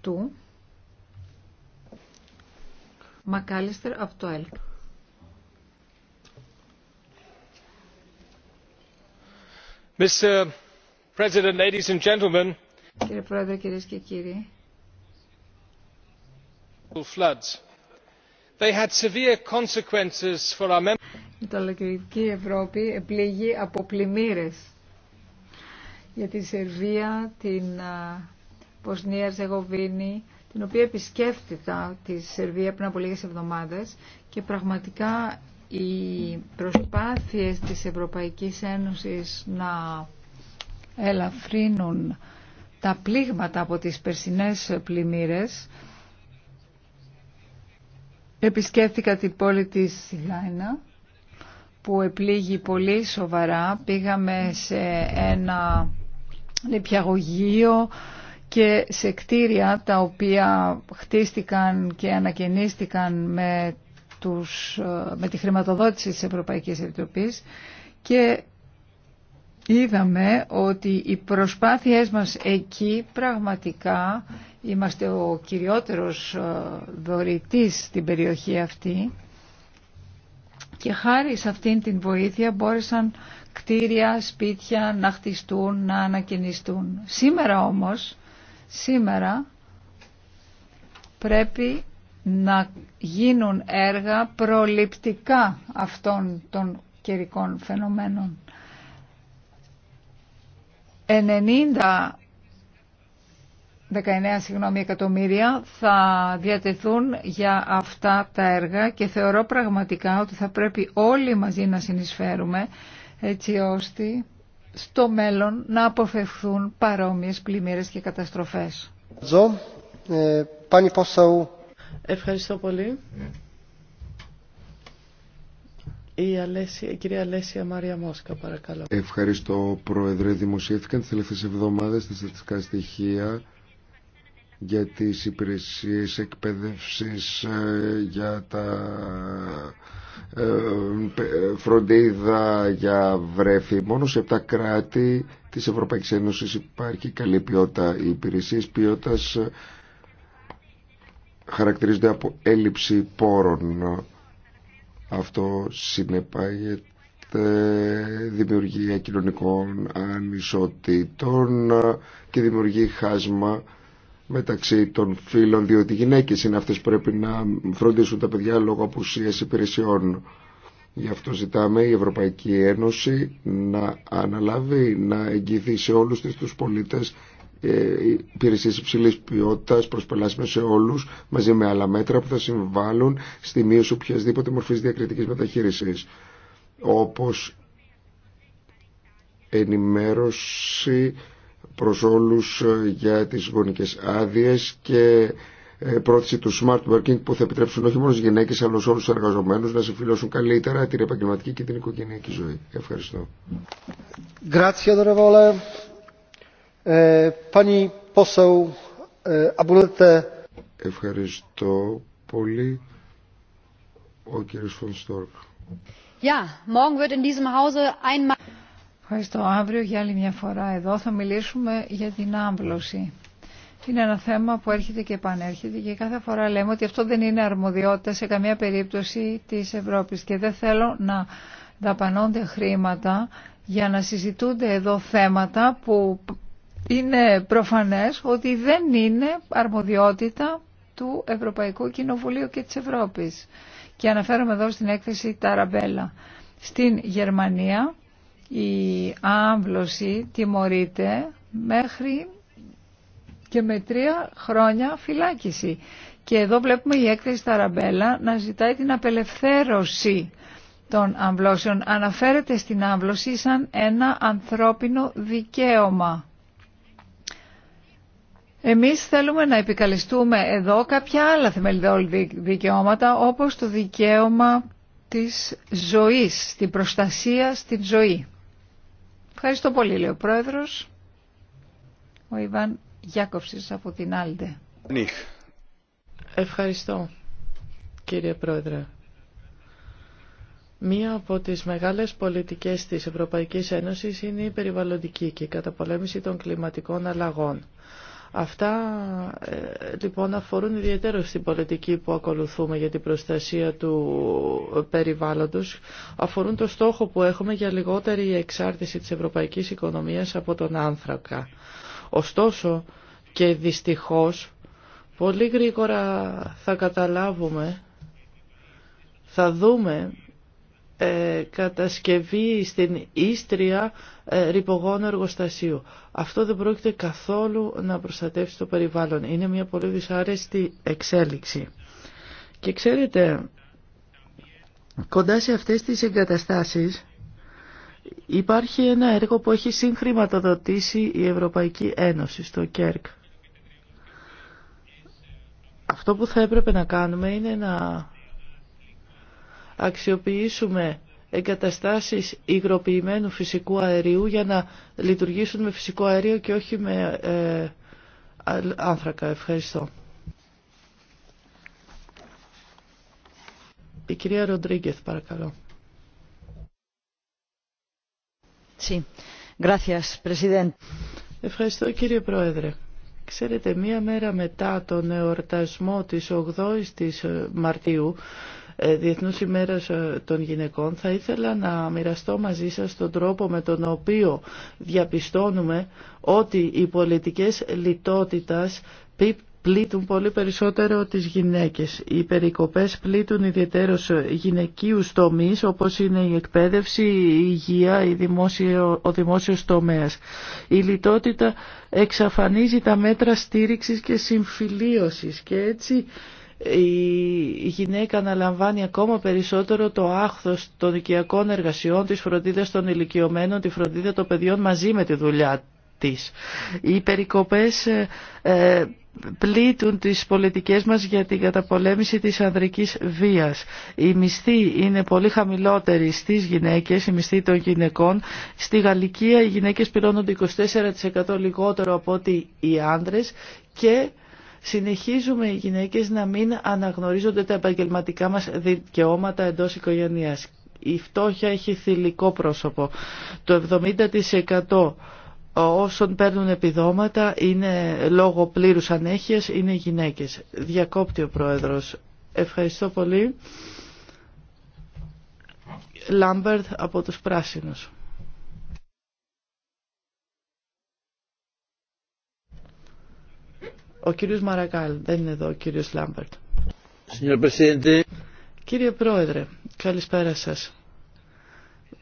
αυτού Μακάλιστερ από το Κύριε Πρόεδρε, κυρίες και κύριοι, Η Ταλακριτική Ευρώπη επλήγει από πλημμύρες για τη Σερβία, την Βοσνία Ζεγοβίνη, την οποία επισκέφτηκα τη Σερβία πριν από λίγες εβδομάδες και πραγματικά οι προσπάθειες της Ευρωπαϊκής Ένωσης να ελαφρύνουν τα πλήγματα από τις περσινές πλημμύρες επισκέφθηκα την πόλη της Σιγάινα που επλήγει πολύ σοβαρά πήγαμε σε ένα νηπιαγωγείο και σε κτίρια τα οποία χτίστηκαν και ανακαινίστηκαν με, τους, με τη χρηματοδότηση της Ευρωπαϊκής Επιτροπής και είδαμε ότι οι προσπάθειές μας εκεί πραγματικά είμαστε ο κυριότερος ε, δωρητής στην περιοχή αυτή και χάρη σε αυτήν την βοήθεια μπόρεσαν κτίρια, σπίτια να χτιστούν, να ανακαινιστούν. Σήμερα όμως Σήμερα πρέπει να γίνουν έργα προληπτικά αυτών των καιρικών φαινομένων. 90 19 συγγνώμη, εκατομμύρια θα διατεθούν για αυτά τα έργα και θεωρώ πραγματικά ότι θα πρέπει όλοι μαζί να συνεισφέρουμε έτσι ώστε στο μέλλον να αποφευχθούν παρόμοιες πλημμύρες και καταστροφές. Ε, Ευχαριστώ πολύ. Η, κυρία Αλέσια Μαρία Μόσκα, παρακαλώ. Ευχαριστώ, Πρόεδρε. Δημοσιεύτηκαν τις τελευταίες εβδομάδες τα στατιστικά στοιχεία για τις υπηρεσίες εκπαίδευσης ε, για τα ε, ε, φροντίδα για βρέφη. Μόνο σε επτά κράτη της Ευρωπαϊκής Ένωσης υπάρχει καλή ποιότητα. Οι υπηρεσίες ποιότητας ε, χαρακτηρίζονται από έλλειψη πόρων. Αυτό συνεπάγεται δημιουργία κοινωνικών ανισοτήτων και δημιουργεί χάσμα μεταξύ των φίλων, διότι οι γυναίκε είναι αυτέ που πρέπει να φροντίσουν τα παιδιά λόγω απουσίας υπηρεσιών. Γι' αυτό ζητάμε η Ευρωπαϊκή Ένωση να αναλάβει, να εγγυηθεί σε όλους του τους πολίτες ε, υπηρεσίες υψηλής ποιότητας σε όλους μαζί με άλλα μέτρα που θα συμβάλλουν στη μείωση οποιασδήποτε μορφής διακριτική μεταχείρισης όπως ενημέρωση προς όλους ε, για τις γονικές άδειες και ε, πρόθεση του smart working που θα επιτρέψουν όχι μόνο στις γυναίκες αλλά σε όλους τους εργαζομένους να συμφιλώσουν καλύτερα την επαγγελματική και την οικογενειακή ζωή. Ευχαριστώ. Ε, Ευχαριστώ πολύ. Ο κύριος Φωνστόρκ. Ja, morgen wird in diesem Ευχαριστώ. Αύριο για άλλη μια φορά εδώ θα μιλήσουμε για την άμβλωση. Είναι ένα θέμα που έρχεται και επανέρχεται και κάθε φορά λέμε ότι αυτό δεν είναι αρμοδιότητα σε καμία περίπτωση της Ευρώπης και δεν θέλω να δαπανώνται χρήματα για να συζητούνται εδώ θέματα που είναι προφανές ότι δεν είναι αρμοδιότητα του Ευρωπαϊκού Κοινοβουλίου και της Ευρώπης. Και αναφέρομαι εδώ στην έκθεση Ταραμπέλα. Στην Γερμανία η άμβλωση τιμωρείται μέχρι και με τρία χρόνια φυλάκιση. Και εδώ βλέπουμε η έκθεση Ταραμπέλα να ζητάει την απελευθέρωση των αμβλώσεων. Αναφέρεται στην άμβλωση σαν ένα ανθρώπινο δικαίωμα. Εμείς θέλουμε να επικαλεστούμε εδώ κάποια άλλα θεμελιδόλη δικαιώματα όπως το δικαίωμα της ζωής, την προστασία στην ζωή. Ευχαριστώ πολύ, λέει ο Πρόεδρος. Ο Ιβάν Γιάκοψη από την Άλντε. Ευχαριστώ, κύριε Πρόεδρε. Μία από τις μεγάλες πολιτικές της Ευρωπαϊκής Ένωσης είναι η περιβαλλοντική και η καταπολέμηση των κλιματικών αλλαγών. Αυτά ε, λοιπόν αφορούν ιδιαίτερα στην πολιτική που ακολουθούμε για την προστασία του περιβάλλοντος. Αφορούν το στόχο που έχουμε για λιγότερη εξάρτηση της ευρωπαϊκής οικονομίας από τον άνθρακα. Ωστόσο και δυστυχώς πολύ γρήγορα θα καταλάβουμε, θα δούμε ε, κατασκευή στην Ίστρια ε, ρηπογόνου εργοστασίου. Αυτό δεν πρόκειται καθόλου να προστατεύσει το περιβάλλον. Είναι μια πολύ δυσάρεστη εξέλιξη. Και ξέρετε, κοντά σε αυτές τις εγκαταστάσεις υπάρχει ένα έργο που έχει συγχρηματοδοτήσει η Ευρωπαϊκή Ένωση στο ΚΕΡΚ. Αυτό που θα έπρεπε να κάνουμε είναι να αξιοποιήσουμε εγκαταστάσεις υγροποιημένου φυσικού αερίου για να λειτουργήσουν με φυσικό αέριο και όχι με ε, άνθρακα. Ευχαριστώ. Η κυρία Ροντρίγκεθ, παρακαλώ. Sí. Gracias, Ευχαριστώ κύριε Πρόεδρε. Ξέρετε, μία μέρα μετά τον εορτασμό της 8ης της ε, Μαρτίου, ε, διεθνούς ημέρας ε, των γυναικών, θα ήθελα να μοιραστώ μαζί σας τον τρόπο με τον οποίο διαπιστώνουμε ότι οι πολιτικές λιτότητας πλήττουν πολύ περισσότερο τις γυναίκες. Οι περικοπές πλήττουν ιδιαίτερως γυναικείους τομείς όπως είναι η εκπαίδευση, η υγεία, η δημόσιο, ο δημόσιος τομέας. Η λιτότητα εξαφανίζει τα μέτρα στήριξης και συμφιλίωσης και έτσι η γυναίκα αναλαμβάνει ακόμα περισσότερο το άχθος των οικιακών εργασιών, της φροντίδας των ηλικιωμένων, τη φροντίδα των παιδιών μαζί με τη δουλειά της. Οι περικοπές ε, ε, πλήττουν τις πολιτικές μας για την καταπολέμηση της ανδρικής βίας. Η μισθή είναι πολύ χαμηλότερη στις γυναίκες, η μισθή των γυναικών. Στη Γαλλικία οι γυναίκες πληρώνονται 24% λιγότερο από ότι οι άνδρες και Συνεχίζουμε οι γυναίκες να μην αναγνωρίζονται τα επαγγελματικά μας δικαιώματα εντός οικογένειας. Η φτώχεια έχει θηλυκό πρόσωπο. Το 70% όσων παίρνουν επιδόματα είναι λόγω πλήρους ανέχειας είναι γυναίκες. Διακόπτει ο Πρόεδρος. Ευχαριστώ πολύ. Λάμπερτ από τους Πράσινους. Ο κύριος Μαραγκάλ, δεν είναι εδώ ο κύριος Λάμπερτ. Κύριε Πρόεδρε, καλησπέρα σας.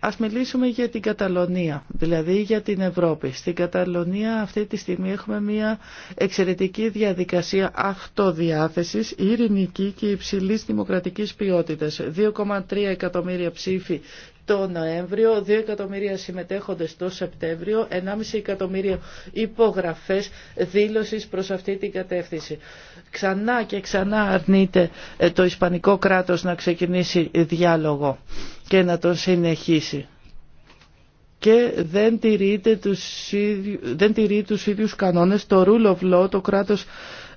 Ας μιλήσουμε για την Καταλωνία, δηλαδή για την Ευρώπη. Στην Καταλωνία αυτή τη στιγμή έχουμε μια εξαιρετική διαδικασία αυτοδιάθεσης, ειρηνική και υψηλής δημοκρατικής ποιότητας. 2,3 εκατομμύρια ψήφοι το Νοέμβριο, 2 εκατομμύρια συμμετέχοντες το Σεπτέμβριο, 1,5 εκατομμύρια υπογραφές δήλωσης προς αυτή την κατεύθυνση. Ξανά και ξανά αρνείται ε, το Ισπανικό κράτος να ξεκινήσει διάλογο και να τον συνεχίσει και δεν τηρείται τους ίδιους, δεν τηρεί τους ίδιους κανόνες το rule of law, το κράτος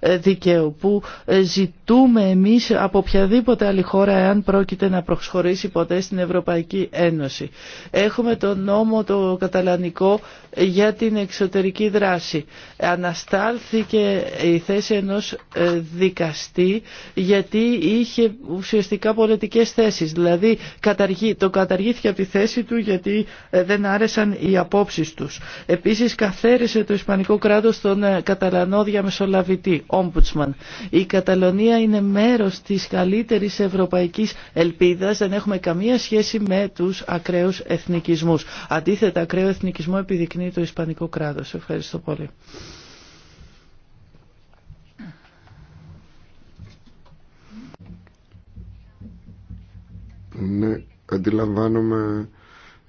δικαίου που ε, ζητούμε εμείς από οποιαδήποτε άλλη χώρα εάν πρόκειται να προσχωρήσει ποτέ στην Ευρωπαϊκή Ένωση. Έχουμε τον νόμο το καταλανικό για την εξωτερική δράση. Αναστάλθηκε η θέση ενός ε, δικαστή γιατί είχε ουσιαστικά πολιτικές θέσεις. Δηλαδή το καταργήθηκε από τη θέση του γιατί ε, δεν άρεσαν οι απόψεις τους. Επίσης καθαίρεσε το Ισπανικό κράτος τον Καταλανό διαμεσολαβητή. Ombudsman. Η Καταλωνία είναι μέρος της καλύτερης ευρωπαϊκής ελπίδας. Δεν έχουμε καμία σχέση με τους ακραίους εθνικισμούς. Αντίθετα, ακραίο εθνικισμό επιδεικνύει το Ισπανικό κράτος. Ευχαριστώ πολύ. Ναι, αντιλαμβάνομαι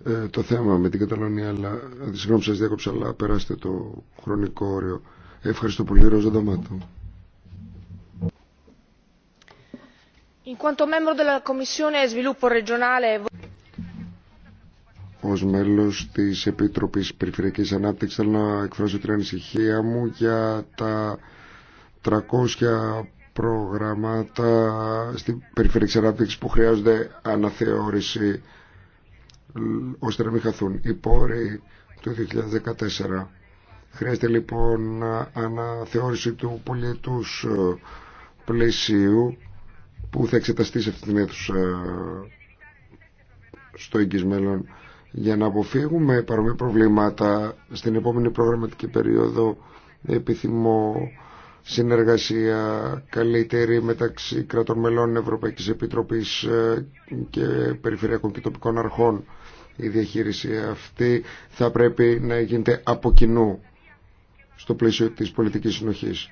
ε, το θέμα με την Καταλωνία, αλλά ε, συγγνώμη σας διάκοψα, αλλά περάστε το χρονικό όριο. Ευχαριστώ πολύ, Ρόζα Νταμάτο. Ω μέλο τη Επιτροπή Περιφερειακή Ανάπτυξη, θέλω να εκφράσω την ανησυχία μου για τα 300 προγραμμάτα στην Περιφερειακή Ανάπτυξη που χρειάζονται αναθεώρηση ώστε να μην χαθούν οι πόροι του 2014 Χρειάζεται λοιπόν αναθεώρηση του πολιετούς ε, πλαισίου που θα εξεταστεί σε αυτή την αίθουσα ε, στο εγγύς μέλλον για να αποφύγουμε παρόμοια προβλήματα στην επόμενη προγραμματική περίοδο επιθυμώ συνεργασία καλύτερη μεταξύ κρατών μελών Ευρωπαϊκής Επιτροπής ε, και περιφερειακών και τοπικών αρχών η διαχείριση αυτή θα πρέπει να γίνεται από κοινού στο πλαίσιο της πολιτικής συνοχής.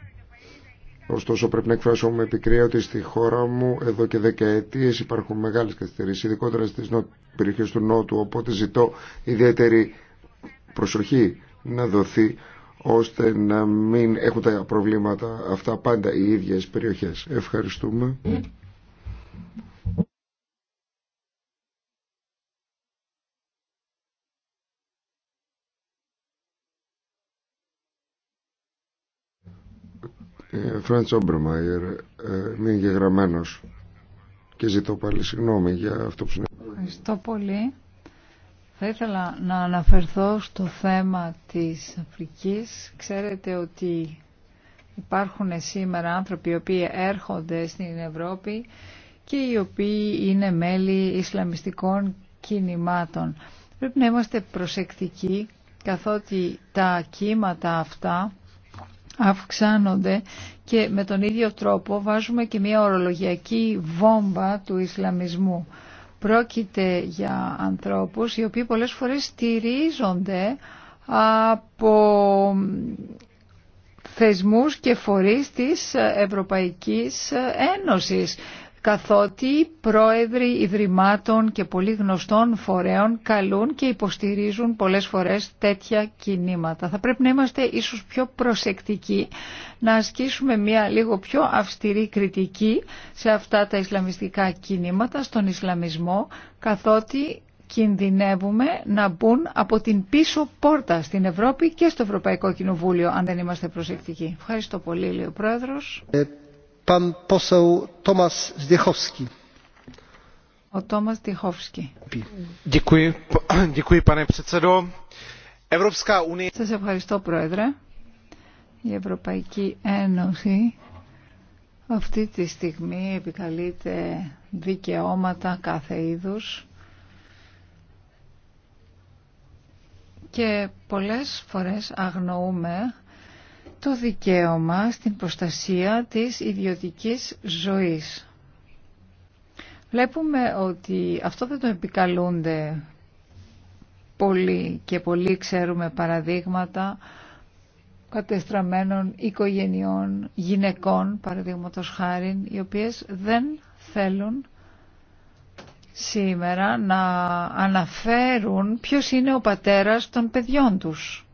Ωστόσο πρέπει να εκφράσω με επικρία ότι στη χώρα μου εδώ και δεκαετίες υπάρχουν μεγάλες καθυστερήσεις, ειδικότερα στις περιοχές του Νότου, οπότε ζητώ ιδιαίτερη προσοχή να δοθεί ώστε να μην έχουν τα προβλήματα αυτά πάντα οι ίδιες περιοχές. Ευχαριστούμε. Φραντς Όμπρεμαγερ, ε, μην γεγραμμένος και ζητώ πάλι συγγνώμη για αυτό που συνέβη. Ευχαριστώ πολύ. Θα ήθελα να αναφερθώ στο θέμα της Αφρικής. Ξέρετε ότι υπάρχουν σήμερα άνθρωποι οι οποίοι έρχονται στην Ευρώπη και οι οποίοι είναι μέλη Ισλαμιστικών κινημάτων. Πρέπει να είμαστε προσεκτικοί καθότι τα κύματα αυτά αυξάνονται και με τον ίδιο τρόπο βάζουμε και μια ορολογιακή βόμβα του Ισλαμισμού. Πρόκειται για ανθρώπους οι οποίοι πολλές φορές στηρίζονται από θεσμούς και φορείς της Ευρωπαϊκής Ένωσης καθότι πρόεδροι ιδρυμάτων και πολύ γνωστών φορέων καλούν και υποστηρίζουν πολλές φορές τέτοια κινήματα. Θα πρέπει να είμαστε ίσως πιο προσεκτικοί, να ασκήσουμε μια λίγο πιο αυστηρή κριτική σε αυτά τα ισλαμιστικά κινήματα, στον Ισλαμισμό, καθότι κινδυνεύουμε να μπουν από την πίσω πόρτα στην Ευρώπη και στο Ευρωπαϊκό Κοινοβούλιο, αν δεν είμαστε προσεκτικοί. Ευχαριστώ πολύ, λέει Πρόεδρος. Ε, ο Τομάς Tomasz Σα ευχαριστώ πρόεδρε. Η Ευρωπαϊκή Ένωση αυτή τη στιγμή επικαλείται δικαιώματα κάθε είδους και πολλές φορές αγνοούμε το δικαίωμα στην προστασία της ιδιωτικής ζωής. Βλέπουμε ότι αυτό δεν το επικαλούνται πολλοί και πολλοί ξέρουμε παραδείγματα κατεστραμμένων οικογενειών, γυναικών παραδείγματος χάρη, οι οποίες δεν θέλουν σήμερα να αναφέρουν ποιος είναι ο πατέρας των παιδιών τους.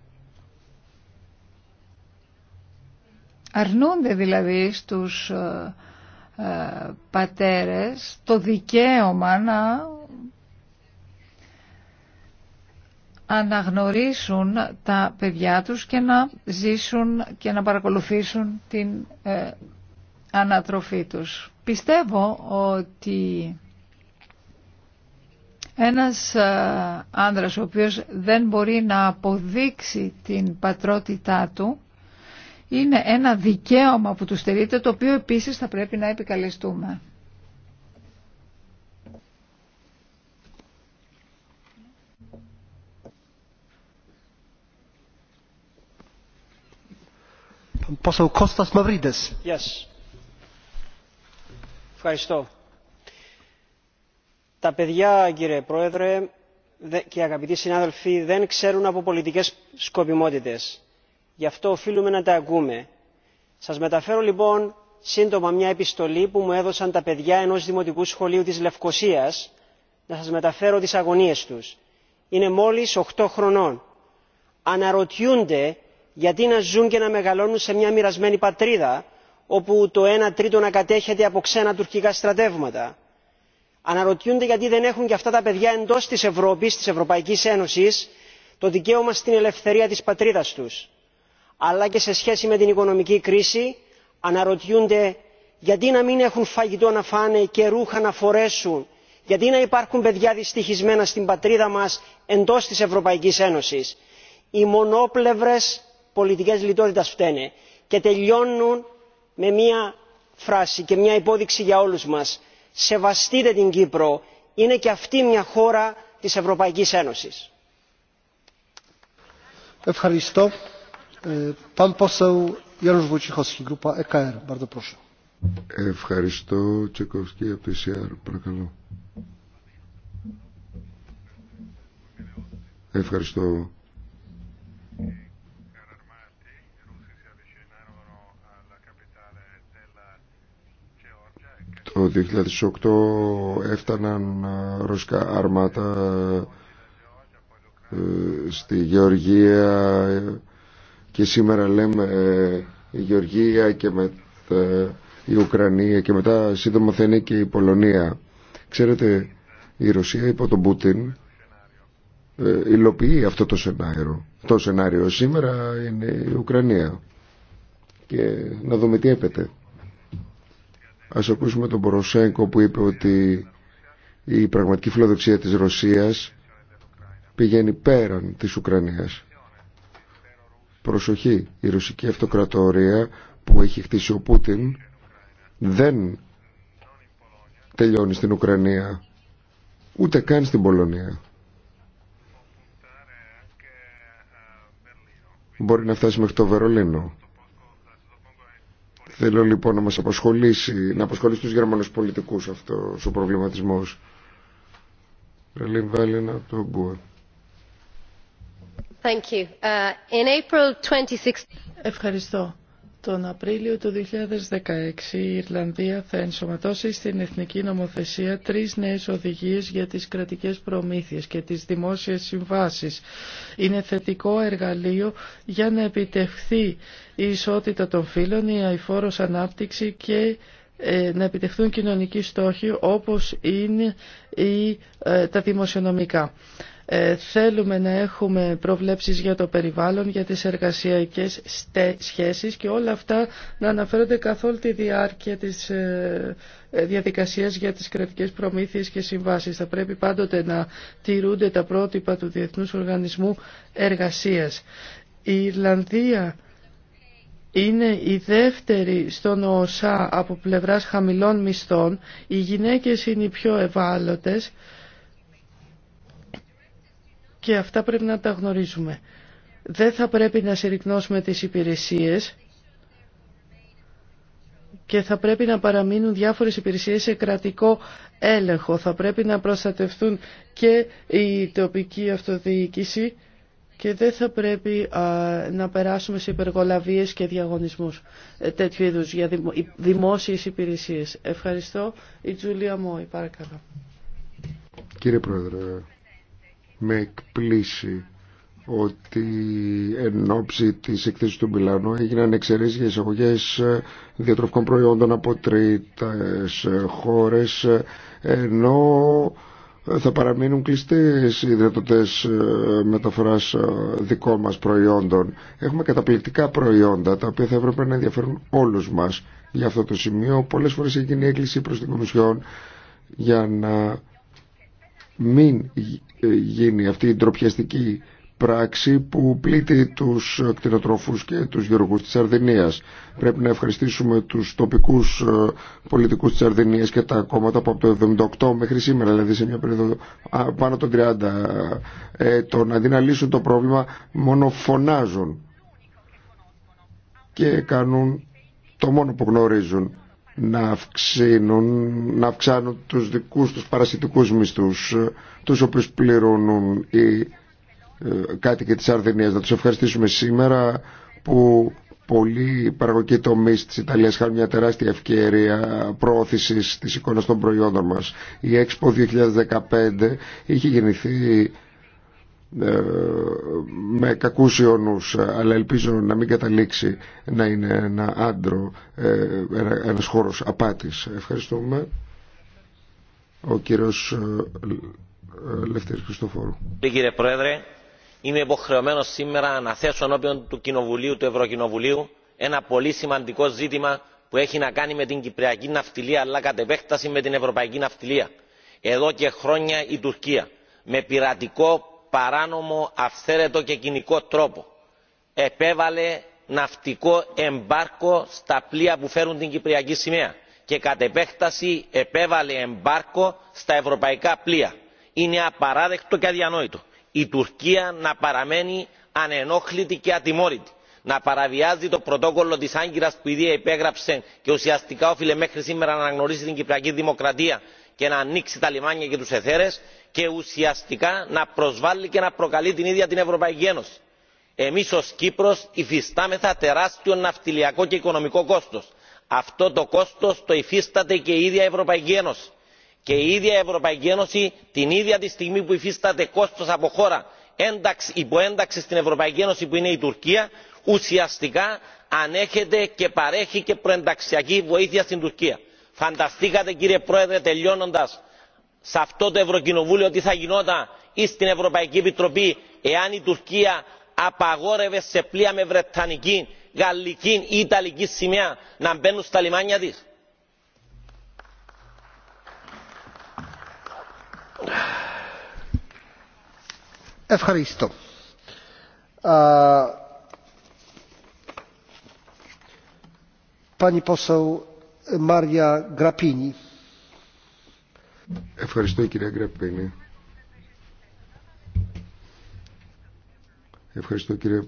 Αρνούνται δηλαδή στους ε, ε, πατέρες το δικαίωμα να αναγνωρίσουν τα παιδιά τους και να ζήσουν και να παρακολουθήσουν την ε, ανατροφή τους. Πιστεύω ότι ένας άνδρας ο οποίος δεν μπορεί να αποδείξει την πατρότητά του είναι ένα δικαίωμα που του στερείται το οποίο επίσης θα πρέπει να επικαλεστούμε. Τα παιδιά, κύριε Πρόεδρε και αγαπητοί συνάδελφοι, δεν ξέρουν από πολιτικές σκοπιμότητες γι' αυτό οφείλουμε να τα ακούμε. σας μεταφέρω λοιπόν σύντομα μια επιστολή που μου έδωσαν τα παιδιά ενός δημοτικού σχολείου της Λευκοσία να σας μεταφέρω τις αγωνίες τους. είναι μόλις 8 χρονών. αναρωτιούνται γιατί να ζουν και να μεγαλώνουν σε μια μοιρασμένη πατρίδα όπου το 1 τρίτο να κατέχεται από ξένα τουρκικά στρατεύματα. αναρωτιούνται γιατί δεν έχουν και αυτά τα παιδιά εντός της ευρώπης της ευρωπαϊκής ένωσης το δικαίωμα στην ελευθερία της πατρίδας τους αλλά και σε σχέση με την οικονομική κρίση αναρωτιούνται γιατί να μην έχουν φαγητό να φάνε και ρούχα να φορέσουν γιατί να υπάρχουν παιδιά δυστυχισμένα στην πατρίδα μας εντός της ευρωπαϊκής ένωσης. οι μονόπλευρες πολιτικές λιτότητας φταίνε. και τελειώνουν με μια φράση και μια υπόδειξη για όλους μας σεβαστείτε την κύπρο είναι και αυτή μια χώρα της ευρωπαϊκής ένωσης. Ευχαριστώ. E Ευχαριστώ, Τσεκοφσκή, από το ΕΣΥΑΡ. παρακαλώ. Ευχαριστώ. Το 2008 έφταναν ε, ρωσικά αρμάτα ε, στη Γεωργία ε, και σήμερα λέμε ε, η Γεωργία και με ε, η Ουκρανία και μετά σύντομα θα είναι και η Πολωνία. Ξέρετε, η Ρωσία υπό τον Πούτιν ε, υλοποιεί αυτό το σενάριο. Το σενάριο σήμερα είναι η Ουκρανία. Και να δούμε τι έπεται. Ας ακούσουμε τον Ποροσέγκο που είπε ότι η πραγματική φιλοδοξία της Ρωσίας πηγαίνει πέραν της Ουκρανίας. Προσοχή, η ρωσική αυτοκρατορία που έχει χτίσει ο Πούτιν δεν τελειώνει στην Ουκρανία, ούτε καν στην Πολωνία. Μπορεί να φτάσει μέχρι το Βερολίνο. Θέλω λοιπόν να μας απασχολήσει, να απασχολήσει τους Γερμανούς πολιτικούς αυτός ο προβληματισμός. βάλει από το Uh, Ευχαριστώ. Τον Απρίλιο του 2016 η Ιρλανδία θα ενσωματώσει στην εθνική νομοθεσία τρεις νέες οδηγίες για τις κρατικές προμήθειες και τις δημόσιες συμβάσεις. Είναι θετικό εργαλείο για να επιτευχθεί η ισότητα των φύλων, η αηφόρος ανάπτυξη και ε, να επιτευχθούν κοινωνικοί στόχοι όπως είναι ε, τα δημοσιονομικά. Ε, θέλουμε να έχουμε προβλέψεις για το περιβάλλον, για τις εργασιακές σχέσεις και όλα αυτά να αναφέρονται καθ' τη διάρκεια της ε, ε, διαδικασίας για τις κρατικές προμήθειες και συμβάσεις. Θα πρέπει πάντοτε να τηρούνται τα πρότυπα του Διεθνούς Οργανισμού Εργασίας. Η Ιρλανδία είναι η δεύτερη στον ΟΣΑ από πλευράς χαμηλών μισθών. Οι γυναίκες είναι οι πιο ευάλωτες και αυτά πρέπει να τα γνωρίζουμε. Δεν θα πρέπει να συρρυκνώσουμε τις υπηρεσίες και θα πρέπει να παραμείνουν διάφορες υπηρεσίες σε κρατικό έλεγχο. Θα πρέπει να προστατευτούν και η τοπική αυτοδιοίκηση και δεν θα πρέπει να περάσουμε σε υπεργολαβίες και διαγωνισμούς ε, τέτοιου είδους για δημόσιες υπηρεσίες. Ευχαριστώ. Η Τζούλια Μόη, παρακαλώ. Κύριε Πρόεδρε, με εκπλήσει ότι εν ώψη της εκθέσης του Μιλάνου έγιναν εξαιρέσεις για εισαγωγές διατροφικών προϊόντων από τρίτες χώρες ενώ θα παραμείνουν κλειστές οι δυνατότητες μεταφοράς δικών μας προϊόντων. Έχουμε καταπληκτικά προϊόντα τα οποία θα έπρεπε να ενδιαφέρουν όλους μας για αυτό το σημείο. Πολλές φορές έγινε η έκκληση προς την Κομισιόν για να μην γίνει αυτή η ντροπιαστική πράξη που πλήττει τους κτηνοτρόφους και τους γεωργούς της Αρδενίας, Πρέπει να ευχαριστήσουμε τους τοπικούς ε, πολιτικούς της Αρδενίας και τα κόμματα από το 1978 μέχρι σήμερα, δηλαδή σε μια περίοδο πάνω των 30 ετών, αντί να λύσουν το πρόβλημα, μόνο φωνάζουν και κάνουν το μόνο που γνωρίζουν να, αυξήνουν, να αυξάνουν τους δικούς τους παρασιτικούς μισθούς τους οποίους πληρώνουν οι ε, κάτοικοι της Αρδενίας. Να τους ευχαριστήσουμε σήμερα που πολλοί παραγωγικοί τομεί τη Ιταλία είχαν μια τεράστια ευκαιρία προώθηση τη εικόνα των προϊόντων μα. Η Expo 2015 είχε γεννηθεί ε, με κακούς ιονούς αλλά ελπίζω να μην καταλήξει να είναι ένα άντρο ε, ένας χώρος απάτης ευχαριστούμε ο κύριος ε, Λευτέρης Χριστοφόρου Κύριε Πρόεδρε είμαι υποχρεωμένο σήμερα να θέσω ενώπιον του Κοινοβουλίου του Ευρωκοινοβουλίου ένα πολύ σημαντικό ζήτημα που έχει να κάνει με την Κυπριακή ναυτιλία αλλά κατ' επέκταση με την Ευρωπαϊκή ναυτιλία εδώ και χρόνια η Τουρκία με πειρατικό παράνομο αυθαίρετο και κοινικό τρόπο επέβαλε ναυτικό εμπάρκο στα πλοία που φέρουν την κυπριακή σημαία και κατ' επέκταση επέβαλε εμπάρκο στα ευρωπαϊκά πλοία. είναι απαράδεκτο και αδιανόητο η τουρκία να παραμένει ανενόχλητη και ατιμόρυτη να παραβιάζει το πρωτόκολλο της άγκυρας που ήδη υπέγραψε και ουσιαστικά όφιλε μέχρι σήμερα να αναγνωρίσει την κυπριακή δημοκρατία και να ανοίξει τα λιμάνια και τους εθέρες και ουσιαστικά να προσβάλλει και να προκαλεί την ίδια την ευρωπαϊκή ένωση. εμείς ως κύπρος υφιστάμεθα τεράστιο ναυτιλιακό και οικονομικό κόστος. αυτό το κόστος το υφίσταται και η ίδια ευρωπαϊκή ένωση και η ίδια ευρωπαϊκή ένωση την ίδια τη στιγμή που υφίσταται κόστο από χώρα υποένταξη στην ευρωπαϊκή ένωση που είναι η τουρκία ουσιαστικά ανέχεται και παρέχει και προενταξιακή βοήθεια στην τουρκία. φανταστήκατε κύριε πρόεδρε τελειώνοντας σε αυτό το ευρωκοινοβούλιο τι θα γινόταν ή στην ευρωπαϊκή επιτροπή εάν η τουρκία απαγόρευε σε πλοία με βρετανική γαλλική ή ιταλική σημαία να μπαίνουν στα λιμάνια της. Ευχαριστώ. Πάνι Μάρια Ευχαριστώ κυρία Γραπίνη. Ευχαριστώ κύριε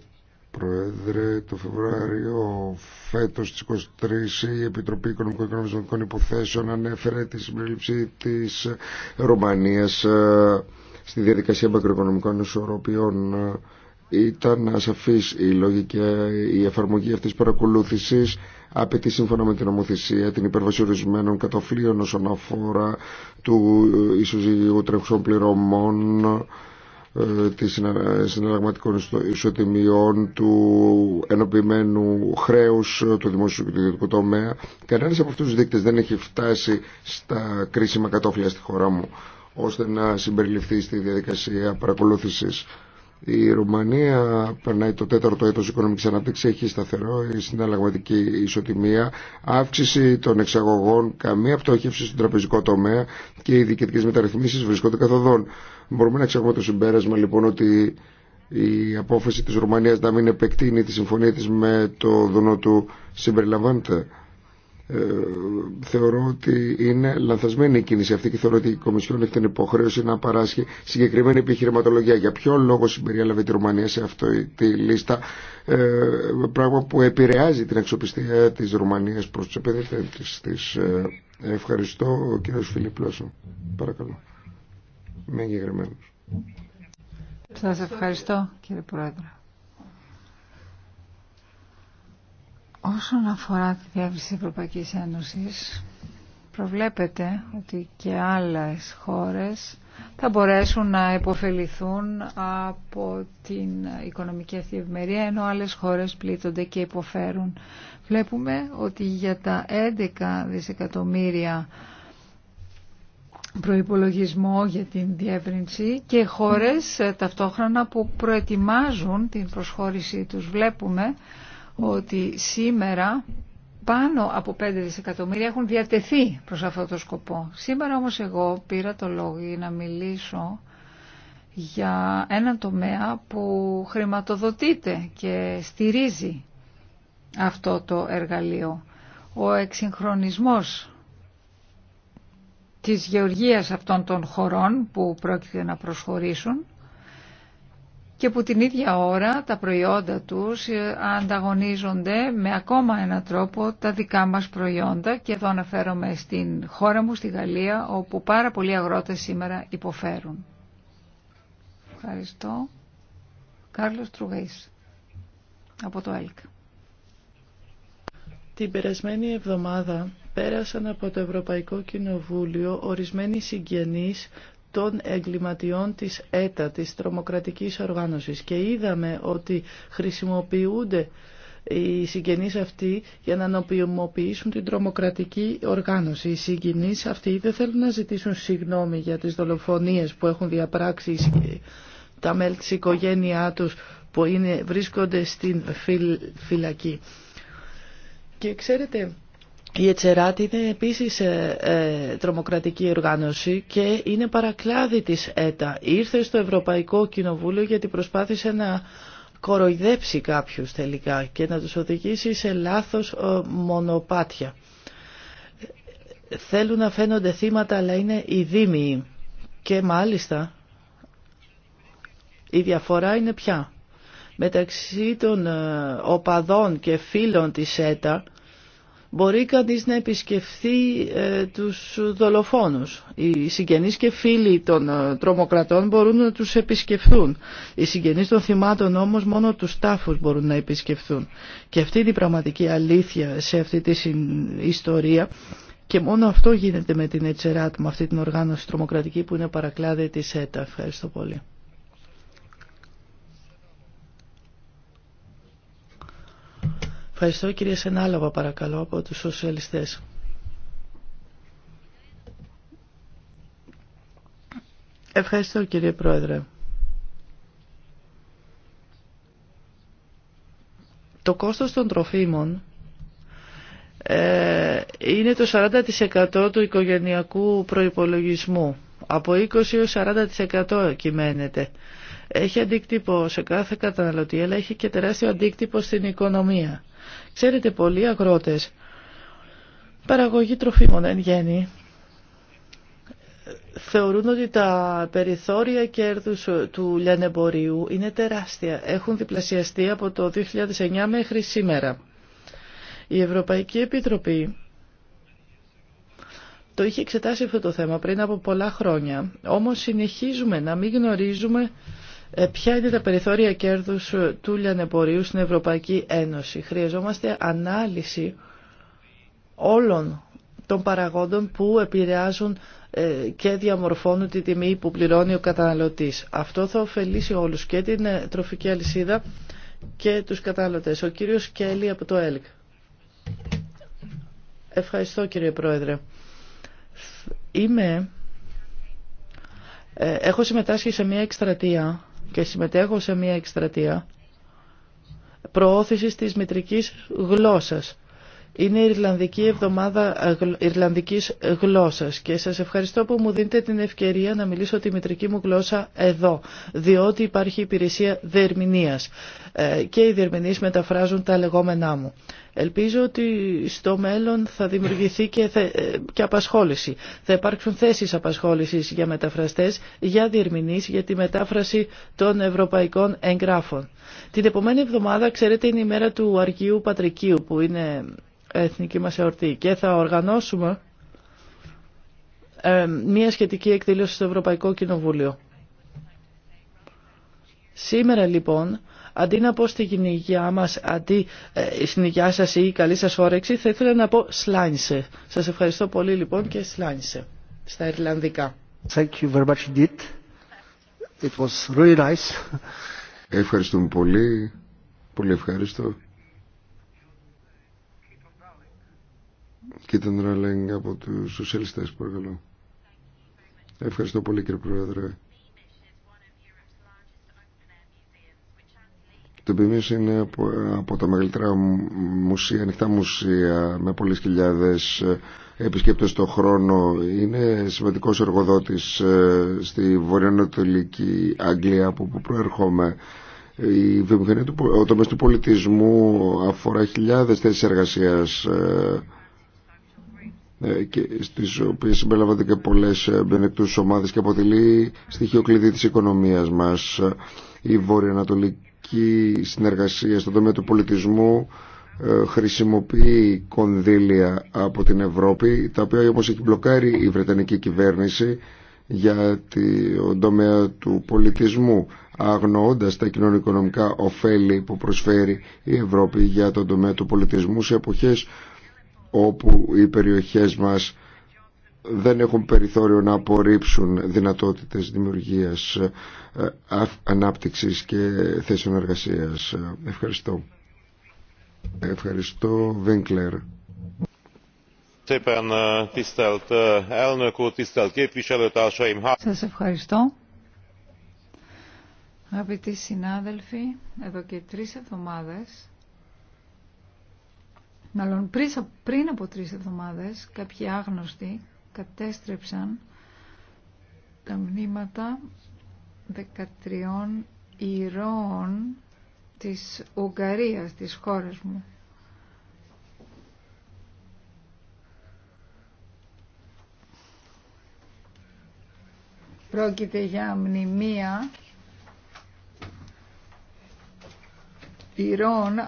Πρόεδρε. Το Φεβρουάριο φέτος της 23 η Επιτροπή Οικονομικών Υποθέσεων ανέφερε τη συμπερίληψη της Ρουμανίας ε, στη διαδικασία μακροοικονομικών ισορροπιών ε, ήταν ασαφής η λογική, η εφαρμογή αυτής της παρακολούθησης απαιτεί σύμφωνα με την νομοθεσία την υπέρβαση ορισμένων κατοφλίων όσον αφορά του ισοζυγίου τρεχουσών πληρωμών ε, της συναλλαγματικών ισοτιμιών του ενωπημένου χρέους του δημόσιου και του ιδιωτικού τομέα. Κανένας από αυτούς τους δείκτες δεν έχει φτάσει στα κρίσιμα κατόφλια στη χώρα μου ώστε να συμπεριληφθεί στη διαδικασία παρακολούθησης. Η Ρουμανία περνάει το τέταρτο έτος οικονομικής ανάπτυξης, έχει σταθερό η συναλλαγματική ισοτιμία, αύξηση των εξαγωγών, καμία πτώχευση στον τραπεζικό τομέα και οι διοικητικές μεταρρυθμίσεις βρισκόνται καθοδόν. Μπορούμε να εξαγούμε το συμπέρασμα λοιπόν ότι η απόφαση της Ρουμανίας να μην επεκτείνει τη συμφωνία της με το δουνό του συμπεριλαμβάνεται. Ε, θεωρώ ότι είναι λανθασμένη η κίνηση αυτή και θεωρώ ότι η Κομισιόν έχει την υποχρέωση να παράσχει συγκεκριμένη επιχειρηματολογία. Για ποιο λόγο συμπεριέλαβε τη Ρουμανία σε αυτή τη λίστα, ε, πράγμα που επηρεάζει την αξιοπιστία τη Ρουμανία προ του επενδυτέ τη. Ε, ευχαριστώ, ο κύριο Φιλιππλόσο. Παρακαλώ. Με εγγεγραμμένο. Σα ευχαριστώ, κύριε Πρόεδρε. Όσον αφορά τη διεύρυνση της Ευρωπαϊκής Ένωσης, προβλέπεται ότι και άλλες χώρες θα μπορέσουν να υποφεληθούν από την οικονομική αυτή ενώ άλλες χώρες πλήττονται και υποφέρουν. Βλέπουμε ότι για τα 11 δισεκατομμύρια προϋπολογισμό για την διεύρυνση και χώρες ταυτόχρονα που προετοιμάζουν την προσχώρησή τους. Βλέπουμε ότι σήμερα πάνω από 5 δισεκατομμύρια έχουν διατεθεί προς αυτό το σκοπό. Σήμερα όμως εγώ πήρα το λόγο για να μιλήσω για έναν τομέα που χρηματοδοτείται και στηρίζει αυτό το εργαλείο. Ο εξυγχρονισμός της γεωργίας αυτών των χωρών που πρόκειται να προσχωρήσουν και που την ίδια ώρα τα προϊόντα τους ε, ανταγωνίζονται με ακόμα έναν τρόπο τα δικά μας προϊόντα και εδώ αναφέρομαι στην χώρα μου, στη Γαλλία, όπου πάρα πολλοί αγρότες σήμερα υποφέρουν. Ευχαριστώ. Κάρλος Τρουγέης, από το ΕΛΚ. Την περασμένη εβδομάδα πέρασαν από το Ευρωπαϊκό Κοινοβούλιο ορισμένοι συγγενείς των εγκληματιών της ΕΤΑ, της τρομοκρατικής οργάνωσης και είδαμε ότι χρησιμοποιούνται οι συγγενείς αυτοί για να νοποιημοποιήσουν την τρομοκρατική οργάνωση. Οι συγγενείς αυτοί δεν θέλουν να ζητήσουν συγγνώμη για τις δολοφονίες που έχουν διαπράξει τα μέλη της οικογένειά τους που είναι, βρίσκονται στην φυλακή. Και ξέρετε, η Ετσεράτη είναι επίσης ε, ε, τρομοκρατική οργάνωση και είναι παρακλάδι της ΕΤΑ. Ήρθε στο Ευρωπαϊκό Κοινοβούλιο γιατί προσπάθησε να κοροϊδέψει κάποιους τελικά και να τους οδηγήσει σε λάθος ε, μονοπάτια. Θέλουν να φαίνονται θύματα αλλά είναι ιδίμιοι. και μάλιστα η διαφορά είναι πια μεταξύ των οπαδών και φίλων της ΕΤΑ μπορεί κανείς να επισκεφθεί ε, τους δολοφόνους. Οι συγγενείς και φίλοι των ε, τρομοκρατών μπορούν να τους επισκεφθούν. Οι συγγενείς των θυμάτων όμως μόνο τους τάφους μπορούν να επισκεφθούν. Και αυτή είναι η πραγματική αλήθεια σε αυτή τη ιστορία. Και μόνο αυτό γίνεται με την Ετσεράτ, με αυτή την οργάνωση τρομοκρατική που είναι παρακλάδη της ΕΤΑ. Ευχαριστώ πολύ. Ευχαριστώ κυρία Σενάλαβα παρακαλώ από τους σοσιαλιστές. Ευχαριστώ κύριε Πρόεδρε. Το κόστος των τροφίμων ε, είναι το 40% του οικογενειακού προϋπολογισμού. Από 20% έως 40% κυμαίνεται. Έχει αντίκτυπο σε κάθε καταναλωτή, αλλά έχει και τεράστιο αντίκτυπο στην οικονομία. Ξέρετε πολλοί αγρότες, παραγωγή τροφίμων εν γέννη, θεωρούν ότι τα περιθώρια κέρδους του λιανεμπορίου είναι τεράστια. Έχουν διπλασιαστεί από το 2009 μέχρι σήμερα. Η Ευρωπαϊκή Επιτροπή το είχε εξετάσει αυτό το θέμα πριν από πολλά χρόνια, όμως συνεχίζουμε να μην γνωρίζουμε ε, ποια είναι τα περιθώρια κέρδους ε, του λιανεπορίου στην Ευρωπαϊκή Ένωση. Χρειαζόμαστε ανάλυση όλων των παραγόντων που επηρεάζουν ε, και διαμορφώνουν τη τιμή που πληρώνει ο καταναλωτής. Αυτό θα ωφελήσει όλους και την τροφική αλυσίδα και τους καταναλωτές. Ο κύριος Κέλλη από το ΕΛΚ. Ευχαριστώ κύριε Πρόεδρε. Έχω συμμετάσχει σε μια εκστρατεία και συμμετέχω σε μια εκστρατεία προώθησης της μητρικής γλώσσας είναι η Ιρλανδική Εβδομάδα ε, Ιρλανδικής Γλώσσας και σας ευχαριστώ που μου δίνετε την ευκαιρία να μιλήσω τη μητρική μου γλώσσα εδώ, διότι υπάρχει υπηρεσία δερμηνίας ε, και οι δερμηνείς μεταφράζουν τα λεγόμενά μου. Ελπίζω ότι στο μέλλον θα δημιουργηθεί ε, και, απασχόληση. Θα υπάρξουν θέσεις απασχόλησης για μεταφραστές, για διερμηνείς, για τη μετάφραση των ευρωπαϊκών εγγράφων. Την επομένη εβδομάδα, ξέρετε, είναι η μέρα του Αργίου Πατρικίου, που είναι εθνική μας εορτή και θα οργανώσουμε ε, μία σχετική εκδήλωση στο Ευρωπαϊκό Κοινοβούλιο. Σήμερα λοιπόν, αντί να πω στη γυναικιά μας, αντί ε, στην υγειά σας ή η καλή σας όρεξη, θα ήθελα να πω σλάνισε. Σας ευχαριστώ πολύ λοιπόν και σλάνισε στα Ιρλανδικά. Thank you very much It was really nice. Ευχαριστούμε πολύ. Πολύ ευχαριστώ. Κύριε Ραλέγγ από τους σοσιαλιστές, παρακαλώ. Ευχαριστώ πολύ κύριε Πρόεδρε. Το Μπιμίος είναι από, από τα μεγαλύτερα μουσεία, ανοιχτά μουσεία με πολλές χιλιάδες ε, επισκέπτες το χρόνο. Είναι σημαντικός εργοδότης ε, στη βορειοανατολική Αγγλία από που προέρχομαι. Η βιομηχανία του, ο τομέας του πολιτισμού αφορά χιλιάδες θέσεις εργασίας ε, ε, και στις οποίες συμπεριλαμβάνονται και πολλές ε, μπενεκτούς ομάδες και αποτελεί στοιχείο κλειδί της οικονομίας μας η βορειοανατολική συνεργασία στον τομέα του πολιτισμού ε, χρησιμοποιεί κονδύλια από την Ευρώπη τα οποία όμως έχει μπλοκάρει η Βρετανική κυβέρνηση για τον τομέα του πολιτισμού αγνοώντας τα κοινωνικονομικά ωφέλη που προσφέρει η Ευρώπη για τον τομέα του πολιτισμού σε εποχές όπου οι περιοχές μας δεν έχουν περιθώριο να απορρίψουν δυνατότητες δημιουργίας, ε, ανάπτυξης και θέσεων εργασίας. Ευχαριστώ. Ευχαριστώ, Βίνκλερ. Eh, eh, Σας ευχαριστώ. Αγαπητοί συνάδελφοι, εδώ και τρεις εβδομάδες μάλλον πριν από τρεις εβδομάδες κάποιοι άγνωστοι κατέστρεψαν τα μνήματα 13 ηρώων της Ουγγαρίας, της χώρας μου. Πρόκειται για μνημεία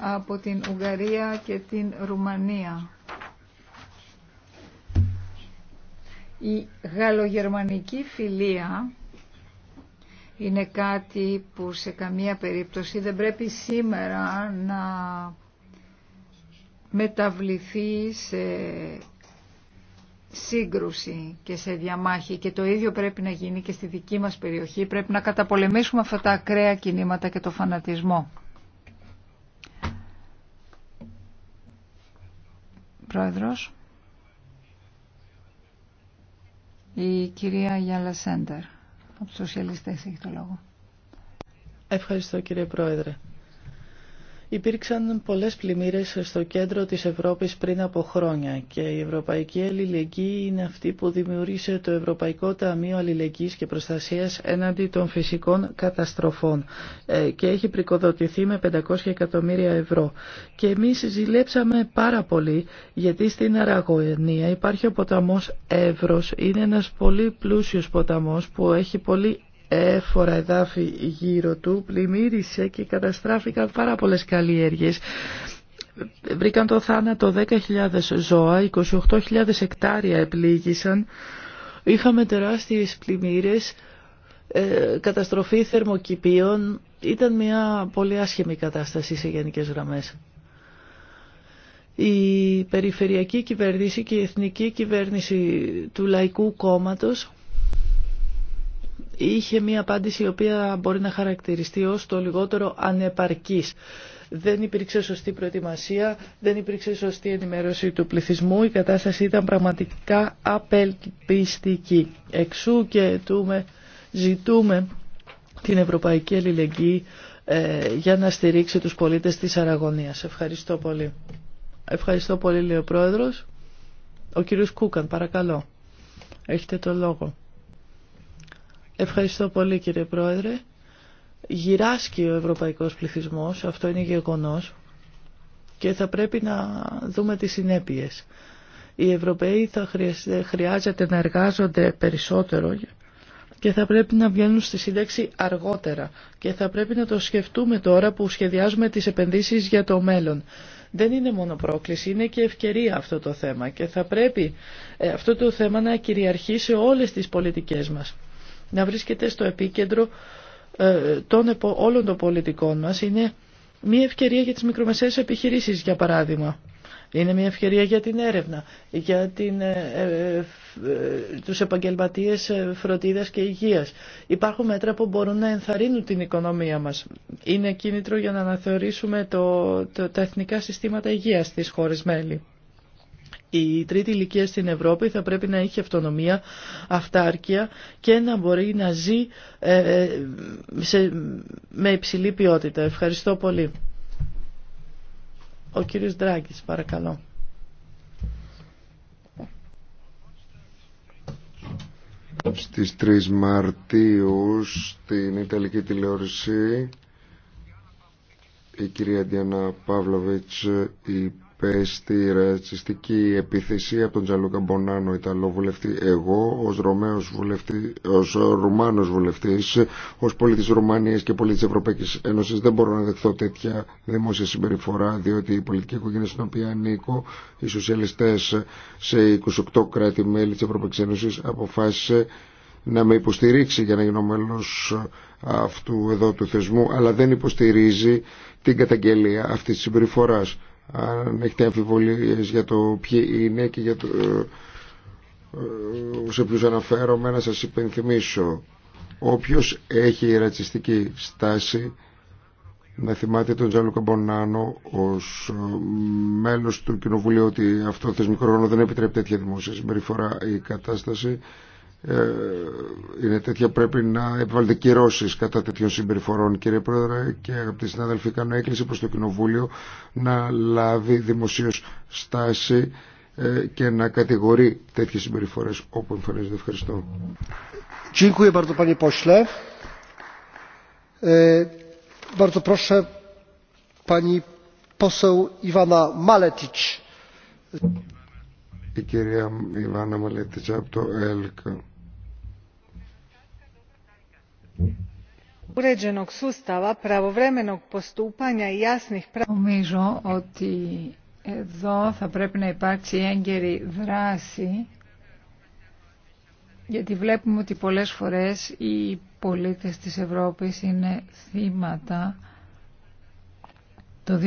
από την Ουγγαρία και την Ρουμανία. Η γαλλογερμανική φιλία είναι κάτι που σε καμία περίπτωση δεν πρέπει σήμερα να μεταβληθεί σε σύγκρουση και σε διαμάχη και το ίδιο πρέπει να γίνει και στη δική μας περιοχή. Πρέπει να καταπολεμήσουμε αυτά τα ακραία κινήματα και το φανατισμό. Πρόεδρος. Η κυρία Γιάλα Σέντερ, από τους Σοσιαλιστές, έχει το λόγο. Ευχαριστώ κύριε Πρόεδρε. Υπήρξαν πολλές πλημμύρες στο κέντρο της Ευρώπης πριν από χρόνια και η Ευρωπαϊκή Αλληλεγγύη είναι αυτή που δημιούργησε το Ευρωπαϊκό Ταμείο Αλληλεγγύης και Προστασίας έναντι των φυσικών καταστροφών ε, και έχει πρικοδοτηθεί με 500 εκατομμύρια ευρώ. Και εμείς ζηλέψαμε πάρα πολύ γιατί στην Αραγωνία υπάρχει ο ποταμός Εύρος. Είναι ένας πολύ πλούσιος ποταμός που έχει πολύ έφορα εδάφη γύρω του πλημμύρισε και καταστράφηκαν πάρα πολλές καλλιέργειες. Βρήκαν το θάνατο 10.000 ζώα, 28.000 εκτάρια επλήγησαν. Είχαμε τεράστιες πλημμύρες, ε, καταστροφή θερμοκηπίων. Ήταν μια πολύ άσχημη κατάσταση σε γενικές γραμμές. Η περιφερειακή κυβέρνηση και η εθνική κυβέρνηση του Λαϊκού Κόμματος είχε μία απάντηση η οποία μπορεί να χαρακτηριστεί ως το λιγότερο ανεπαρκής. Δεν υπήρξε σωστή προετοιμασία, δεν υπήρξε σωστή ενημέρωση του πληθυσμού, η κατάσταση ήταν πραγματικά απελπιστική. Εξού και τούμε, ζητούμε την Ευρωπαϊκή Αλληλεγγύη ε, για να στηρίξει τους πολίτες της Αραγωνίας. Ευχαριστώ πολύ. Ευχαριστώ πολύ, λέει ο Πρόεδρος. Ο κύριος Κούκαν, παρακαλώ. Έχετε το λόγο. Ευχαριστώ πολύ κύριε Πρόεδρε. Γυράσκει ο ευρωπαϊκός πληθυσμός, αυτό είναι γεγονός και θα πρέπει να δούμε τις συνέπειες. Οι Ευρωπαίοι θα χρειάζεται να εργάζονται περισσότερο και θα πρέπει να βγαίνουν στη σύνταξη αργότερα και θα πρέπει να το σκεφτούμε τώρα που σχεδιάζουμε τις επενδύσεις για το μέλλον. Δεν είναι μόνο πρόκληση, είναι και ευκαιρία αυτό το θέμα και θα πρέπει ε, αυτό το θέμα να κυριαρχεί σε όλες τις πολιτικές μας να βρίσκεται στο επίκεντρο ε, των όλων των πολιτικών μας. Είναι μια ευκαιρία για τις μικρομεσαίες επιχειρήσεις, για παράδειγμα. Είναι μια ευκαιρία για την έρευνα, για την, ε, ε, ε τους επαγγελματίες φροντίδας και υγείας. Υπάρχουν μέτρα που μπορούν να ενθαρρύνουν την οικονομία μας. Είναι κίνητρο για να αναθεωρήσουμε το, το, τα εθνικά συστήματα υγείας στις χώρες μέλη η τρίτη ηλικία στην Ευρώπη θα πρέπει να έχει αυτονομία, αυτάρκεια και να μπορεί να ζει ε, με υψηλή ποιότητα. Ευχαριστώ πολύ. Ο κύριος Δράκης, παρακαλώ. Στις 3 Μαρτίου στην Ιταλική τηλεόραση η κυρία Διανά Παύλοβιτς, η στη ρατσιστική επίθεση από τον Τζαλούκα Μπονάνο Ιταλό βουλευτή εγώ ως, Ρωμαίος βουλευτή, ως Ρουμάνος βουλευτής ως πολίτης Ρουμανίας και πολίτης Ευρωπαϊκής Ένωσης δεν μπορώ να δεχθώ τέτοια δημόσια συμπεριφορά διότι η πολιτική οικογένεια στην οποία ανήκω οι σοσιαλιστές σε 28 κράτη-μέλη της Ευρωπαϊκής Ένωσης αποφάσισε να με υποστηρίξει για να γίνω μέλος αυτού εδώ του θεσμού αλλά δεν υποστηρίζει την καταγγελία αυτής της συμπεριφοράς αν έχετε αμφιβολίες για το ποιοι είναι και για το, ε, ε, σε ποιους αναφέρομαι να σας υπενθυμίσω όποιος έχει ρατσιστική στάση να θυμάται τον Τζάλο Καμπονάνο ως ε, μέλος του Κοινοβουλίου ότι αυτό θεσμικό χρόνο δεν επιτρέπει τέτοια δημόσια συμπεριφορά η κατάσταση ε, είναι τέτοια πρέπει να επιβάλλεται κυρώσει κατά τέτοιων συμπεριφορών. Κύριε Πρόεδρε και αγαπητοί συνάδελφοι, κάνω έκκληση προς το Κοινοβούλιο να λάβει δημοσίως στάση ε, και να κατηγορεί τέτοιες συμπεριφορές όπου εμφανίζονται. Ευχαριστώ. Η κυρία Ιβάνα Μαλέτητσα από το ΕΛΚΑ Νομίζω ότι εδώ θα πρέπει να υπάρξει έγκαιρη δράση γιατί βλέπουμε ότι πολλές φορές οι πολίτες της Ευρώπης είναι θύματα. Το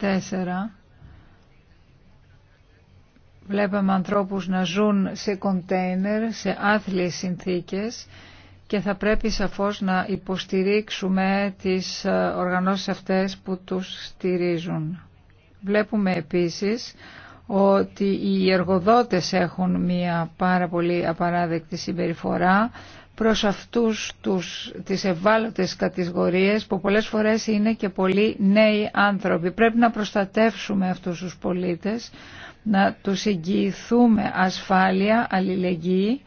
2014 βλέπαμε ανθρώπους να ζουν σε κοντέινερ, σε άθλιες συνθήκες και θα πρέπει σαφώς να υποστηρίξουμε τις ε, οργανώσεις αυτές που τους στηρίζουν. Βλέπουμε επίσης ότι οι εργοδότες έχουν μια πάρα πολύ απαράδεκτη συμπεριφορά προς αυτούς τους, τις ευάλωτες κατηγορίες που πολλές φορές είναι και πολλοί νέοι άνθρωποι. Πρέπει να προστατεύσουμε αυτούς τους πολίτες, να τους εγγυηθούμε ασφάλεια, αλληλεγγύη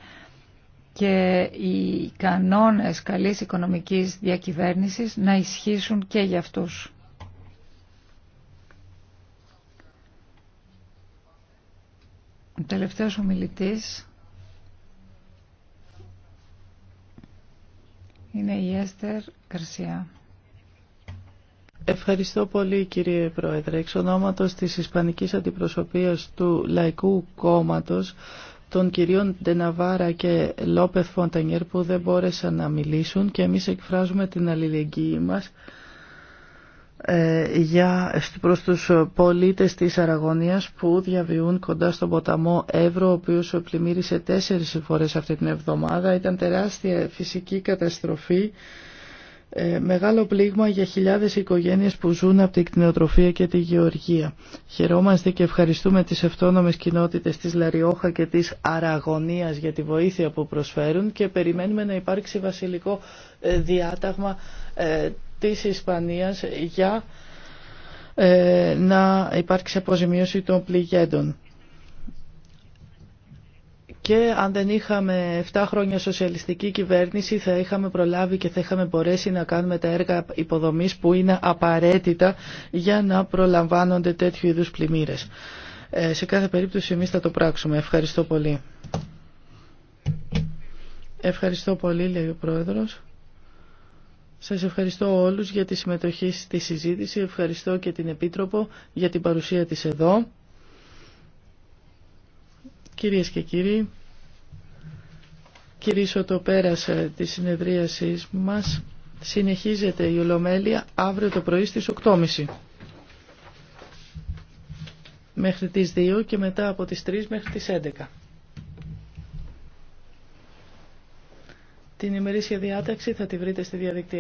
και οι κανόνες καλής οικονομικής διακυβέρνησης να ισχύσουν και για αυτούς. Ο τελευταίος ομιλητής είναι η Έστερ Καρσιά. Ευχαριστώ πολύ κύριε Πρόεδρε. Εξ ονόματος της Ισπανικής Αντιπροσωπείας του Λαϊκού Κόμματος των κυρίων Ντεναβάρα και Λόπεθ Φοντανιέρ που δεν μπόρεσαν να μιλήσουν και εμείς εκφράζουμε την αλληλεγγύη μας ε, για, προς τους πολίτες της Αραγωνίας που διαβιούν κοντά στον ποταμό Εύρο ο οποίος πλημμύρισε τέσσερις φορές αυτή την εβδομάδα ήταν τεράστια φυσική καταστροφή ε, μεγάλο πλήγμα για χιλιάδες οικογένειες που ζουν από την κτηνοτροφία και τη γεωργία. Χαιρόμαστε και ευχαριστούμε τις αυτόνομες κοινότητες της Λαριόχα και της Αραγωνίας για τη βοήθεια που προσφέρουν και περιμένουμε να υπάρξει βασιλικό ε, διάταγμα ε, της Ισπανίας για να υπάρξει αποζημίωση των πληγέντων και αν δεν είχαμε 7 χρόνια σοσιαλιστική κυβέρνηση θα είχαμε προλάβει και θα είχαμε μπορέσει να κάνουμε τα έργα υποδομής που είναι απαραίτητα για να προλαμβάνονται τέτοιου είδους πλημμύρες. Ε, σε κάθε περίπτωση εμείς θα το πράξουμε. Ευχαριστώ πολύ. Ευχαριστώ πολύ, λέει ο Πρόεδρος. Σας ευχαριστώ όλους για τη συμμετοχή στη συζήτηση. Ευχαριστώ και την Επίτροπο για την παρουσία της εδώ. Κυρίες και κύριοι, κυρίσω το πέρασε τη συνεδρίασής μας. Συνεχίζεται η Ολομέλεια αύριο το πρωί στις 8.30 μέχρι τις 2 και μετά από τις 3 μέχρι τις 11. Την ημερήσια διάταξη θα τη βρείτε στη διαδικτυακή.